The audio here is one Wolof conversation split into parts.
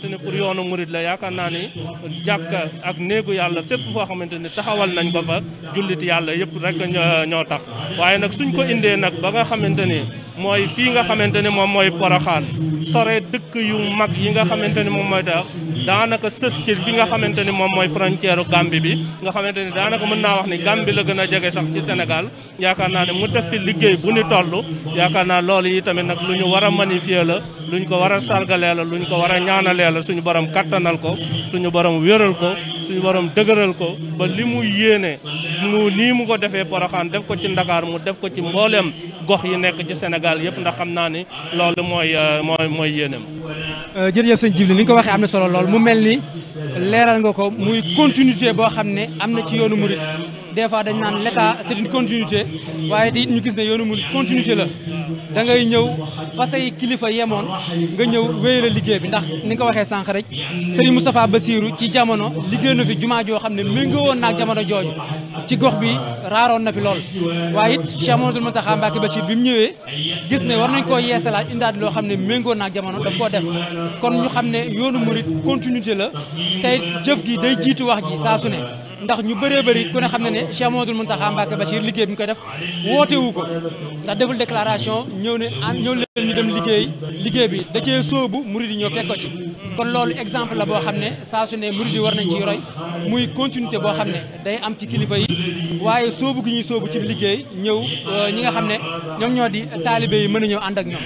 xamante ni pour yoonu murid la yaakaar naa ni jàkka ak néegu yàlla fépp foo xamante ni taxawal nañ ko fa jullit yàlla yëpp rek ñoo tax waaye nag suñ ko indee nag ba nga xamante ni mooy fii nga xamante ni moom mooy poroxaan sore dëkk yu mag yi nga xamante ni moom mooy tax daanaka sës ci bi nga xamante ni moom mooy frontière Gambie bi nga xamante ni daanaka mën naa wax ni Gambie la gën a jege sax ci Sénégal yaakaar naa ne mu def fi liggéey bu ni toll yaakaar a magnifier la lu luñ ko war a sargalee la luñ ko war a ñaanalee la suñu borom kattanal ko suñu borom wéral ko suñu borom dëgëral ko ba li mu yéene mu nii mu ko defee Porokhane def ko ci Ndakaar mu def ko ci mbooleem gox yi nekk ci senegal yëpp ndax xam naa ni loolu mooy euh, mooy mooy yéeneem. Euh, jërëjëf sëñ Djibli ni nga ko waxee am na solo lool mu mel ni leeral nga ko muy continuité boo xam ne am na ci yoonu murit des fois dañ naan l'état c'est waaye te ñu gis ne yoonu murid continuité la da ngay ñëw fa say kilifa yemoon nga ñëw wéyal liggéey bi ndax ni nga ko waxee sànq rek Serigne Moustapha Bassirou ci jamono liggéey na fi jumaa joo xam ne méngoo woon naag jamono jooju ci gox bi raaroon na fi lool waaye it Cheikh Mamadou Mountakha Mbacké Bachir bi mu ñëwee gis ne war nañ koo yeesalaat indaat loo xam ne méngoon naag jamono daf koo def kon ñu xam ne yoonu murid continuité la tey jëf gi day jiitu wax ji saa su ndax ñu bëree bëri ku ne xam ne ne Cheikh Mamadou Mountakha Mbacké Bachir liggéey bi ñu koy def woote wu ko ndax deful déclaration ñëw ne an ñëw leen ñu dem liggéey liggéey bi da cee sóobu murid yi ñëw fekk ko ci kon loolu exemple la boo xam ne saa su ne murid yi war nañ ciy roy muy continuité boo xam ne day am ci kilifa yi waaye sóobu gi ñuy soobu ci liggéey ñëw euh, ñi nga xam ne ñoom ñoo di taalibe yi mën a ñëw ànd ak ñoom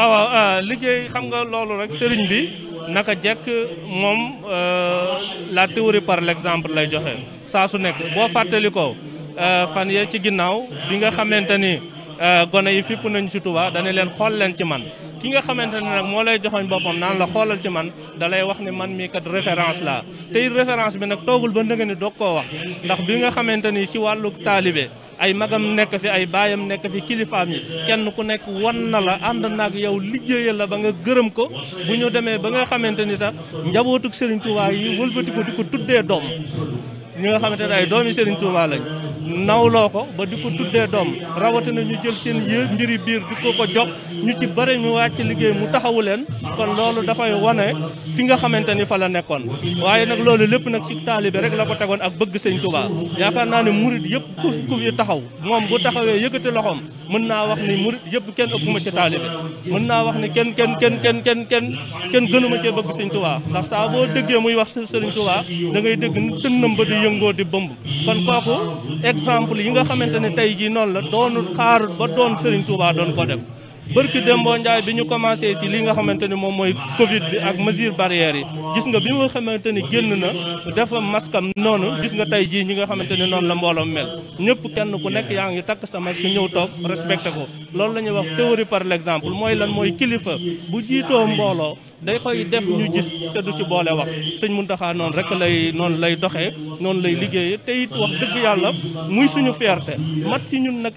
euh, liggéey xam nga loolu rek sëriñ bi naka jekk moom euh, la théorie par l'exemple lay joxe saa su nekk boo fàttalikoo euh, fan yee ci ginnaaw bi nga xamante ni. Euh, gone yi fipp nañ ci Touba dana leen xool leen ci man ki nga xamante ne nag moo lay joxoñ boppam naan la xoolal ci man da lay wax ni man mii kat référence la tey référence bi nag toogul ba ndëgë ni doog koo wax ndax bi nga xamante ni ci wàllu taalibe ay magam nekk fi ay baayam nekk fi kilifaam yi kenn ku nekk wan na la ànd naag yow liggéeyal la ba nga gërëm ko bu ñu demee ba nga xamante ni sax njabootuk Serigne Touba yi wëlbati ko di ko tuddee doom xamante ne ay doomi Serigne Touba lañ nawloo ko ba di ko tuddee doom rawatina ñu jël seen yë mbiri biir di ko ko jox ñu ci bëri ñu wàcc liggéey mu taxawu leen kon loolu dafay wane fi nga xamante ni fa la nekkoon waaye nag loolu lépp nag ci taalibe rek la ko tegoon ak bëgg sëñ Tuubaa yaakaar naa ne murit yëpp ku ku fi taxaw moom bu taxawee yëkkati loxoom mën naa wax ni murit yëpp kenn ëppuma ci taalibe mën naa wax ni kenn kenn kenn kenn kenn kenn kenn gënuma cee bëgg sëñ Tuubaa ndax saa boo déggee muy wax sëriñ Tuubaa da ngay dégg tënnam ba di yëngoo di bëmb exemple yi nga xamante ne tey jii noonu la doonul xaarut ba doon Serigne Touba doon ko dem bërki Dembo Ndiaye bi ñu commencé ci li nga xamante ni moom mooy Covid bi ak mesure barrière yi gis nga bi nga xamante ni génn na dafa maskam noonu gis nga tey jii ñi nga xamante ni noonu la mbooloo mel ñëpp kenn ku nekk yaa ngi takk sa masque ñëw toog respecté ko loolu la ñuy wax théorie par exemple mooy lan mooy kilifa bu jiitoo mbooloo day koy def ñu gis te du ci boole wax sëñ Muntaxa noonu rek lay noonu lay doxee noonu lay liggéeyee tey it yàlla muy suñu fierté mat si ñun nag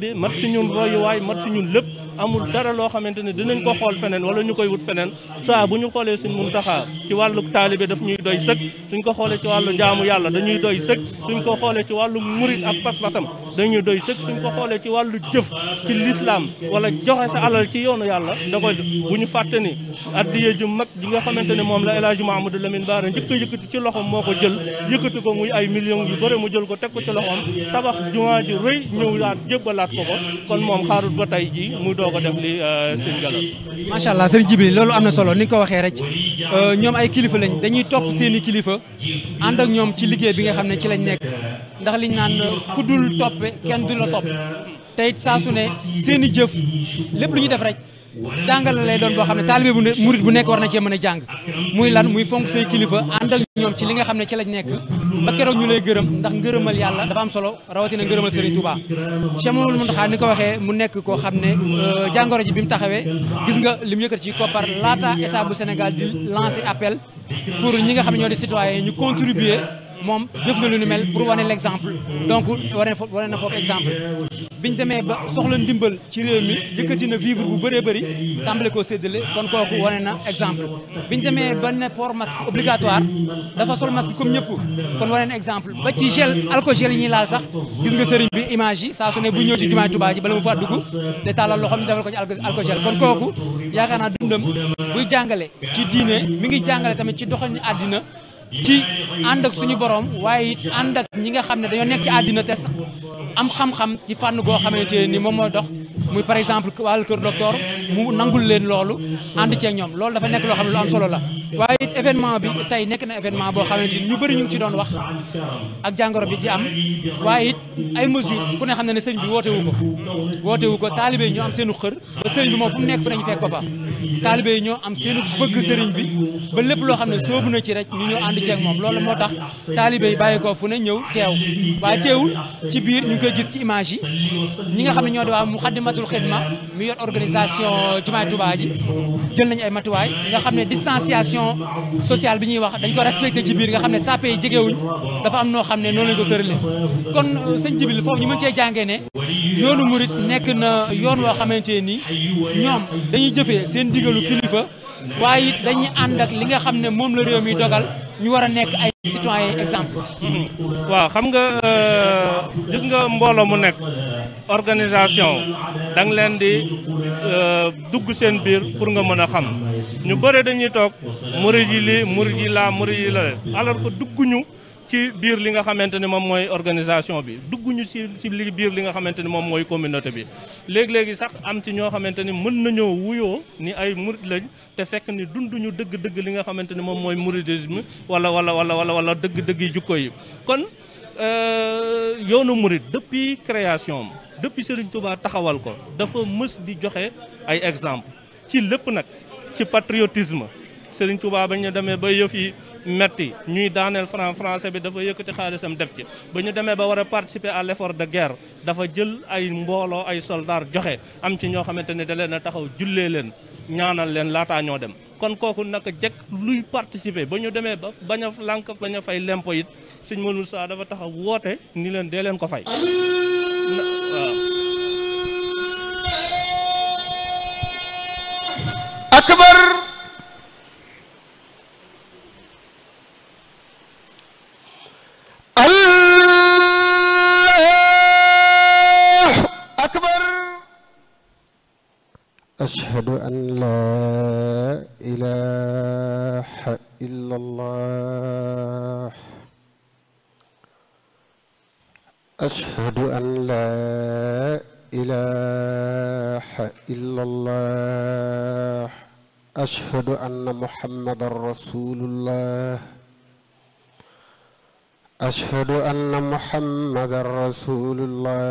taalibe mat si ñun royuwaay mat si lépp amul dara loo xamante ne dinañ ko xool feneen wala ñu koy wut feneen saa bu ñu xoolee suñ Muntaxa ci wàllu taalibe daf ñuy doy sëkk suñ ko xoolee ci wàllu njaamu yàlla dañuy doy sëkk suñ ko xoolee ci wàllu murit ak pas-pasam dañuy doy sëkk suñ ko xoolee ci wàllu jëf ci lislaam wala joxe sa alal ci yoonu yàlla da koy bu ñu fàtte ni addiye ju mag ji nga xamante ne moom la El Hadji Mahamadou Lamine Bara njëkk a yëkkati ci loxom moo ko jël yëkkati ko muy ay millions yu bëri mu jël ko teg ko ci loxom tabax jumaa ju rëy ñëw laat ko doog a def li euh, seen gala macha allah sëriñ loolu am na solo ni ko waxee rek euh, ñoom ay kilifa lañ dañuy topp seen i kilifa ànd ak ñoom ci liggéey bi nga xam ne ci lañ nekk ndax liñ naan ku dul toppe kenn du la topp te it su ne seen i jëf lépp lu ñu def rek jàngale lay doon boo xam ne taalibe bu murit bu nekk war na cee mën a jàng muy lan muy fonk kilifa ànd ak ñoom ci li nga xam ne ci lañ nekk ba keroog ñu lay gërëm ndax ngërëmal yàlla dafa am solo rawatina ngërëmal Serigne Touba Cheikh Mamadou Mountakha ni ko waxee mu nekk koo xam ne euh, jàngoro ji bi mu taxawee gis nga li mu yëkkati ci koppar laata état bu Sénégal di lancer appel pour ñi nga xam ne ñoo di citoyen ñu contribuer moom def na lu nu mel pour wane l'exemple donc wane fo wane na foofu exemple biñ demee ba soxla ndimbal ci réew mi yëkkati na vivre bu bëree bëri tàmbale koo séddale kon kooku wane na exemple biñ demee ba ne port masque obligatoire dafa sol masque comme ñëpp kon wane na exemple ba ci gel alcogel yi ñuy laal sax gis nga sëriñ bi image yi saa su ne bu ñëw ci jumaay Tuubaa ji bala mu fa dugg de tàllal loxoom ñu defal ko ci alcogel kon kooku yaakaar naa dundam buy jàngale mi ngi jàngale tamit ci doxalin àddina ci ànd ak suñu borom waaye it ànd ak ñi nga xam ne dañoo nekk ci àddina te am xam-xam ci fànn goo xamante ne ni moom mooy dox muy par exemple wàllu kër docteur mu nangul leen loolu ànd ceeg ñoom loolu dafa nekk loo xam ne lu solo la. waaye it événement bi tey nekk na événement boo xamante ni ñu bëri ñu ngi ci doon wax ak jàngoro bi ci am waaye it ay mesures ku ne xam ne ne sëñ bi woote wu ko woote wu ko taalibe yi ñoo am seenu xër ba sëriñ bi moom fu mu nekk fu nañu fekk ko fa taalibe ñoo am seenu bëgg sëriñ bi ba lépp loo xam ne soobu ànd ceeg moom loolu moo tax taalibe yi bàyyi ko fu ne ñëw teew waaye teewul ci biir ñu ngi koy gis ci image yi ñi nga xam ne ñoo di waa Muxaddamatul Xidma mi yor organisation jumaa Tuubaa ji jël nañu ay matuwaay nga xam ne distanciation sociale bi ñuy wax dañ ko respecté ci biir nga xam ne sàppe yi jegewuñ dafa am noo xam ne noonu lañ ko tërale kon euh, sëñ Jibril foofu ñu mën cee jàngee ne yoonu murit nekk na yoon woo xamante ni ñoom dañuy jëfee seen digalu kilifa waaye dañuy ànd li nga xam ne moom la réew mi dogal ñu war a nekk ay citoyen exemple. waaw xam nga euh, gis nga mbooloo mu nekk organisation da leen di euh, dugg seen biir pour nga mën a xam ñu bëre dañuy toog murid yi lii murid yi laa murid yi la alors que dugguñu ci biir li nga xamante ni moom mooy organisation bi dugguñu ci ci li biir li nga xamante ni moom mooy communauté bi léegi-léegi sax am ci ñoo xamante ni mën nañoo wuyoo ni ay murit lañ te fekk ni dunduñu dëgg-dëgg li nga xamante ni moom mooy mouridisme wala wala wala wala wala dëgg-dëgg yi jukko yi kon euh, yoonu murit depuis création depuis Serigne Touba taxawal ko dafa mës di joxe ay exemple ci lépp nag ci patriotisme Serigne Touba ba ñu demee ba yëf yi metti ñuy daaneel franc bi dafa yëkkati xaalisam def ci ba ñu demee ba war a participer à l'effort de guerre dafa jël ay mbooloo ay soldats joxe am ci ñoo xamante ne da leen a taxaw jullee leen ñaanal leen laataa ñoo dem kon kooku naka jekk luy participer ba ñu demee ba bañ a lànk bañ a fay lempo it suñ mënul saa dafa taxaw woote ni leen dee leen ko fay واشهد ان لا اله الا الله اشهد ان لا اله الا الله اشهد ان محمدا رسول الله اشهد ان محمدا رسول الله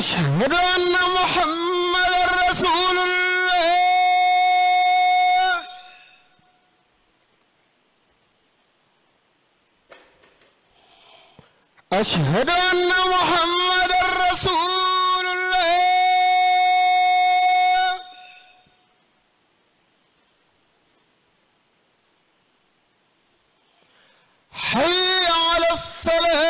أشهد أن محمد رسول الله أشهد أن محمد رسول الله حي على الصلاة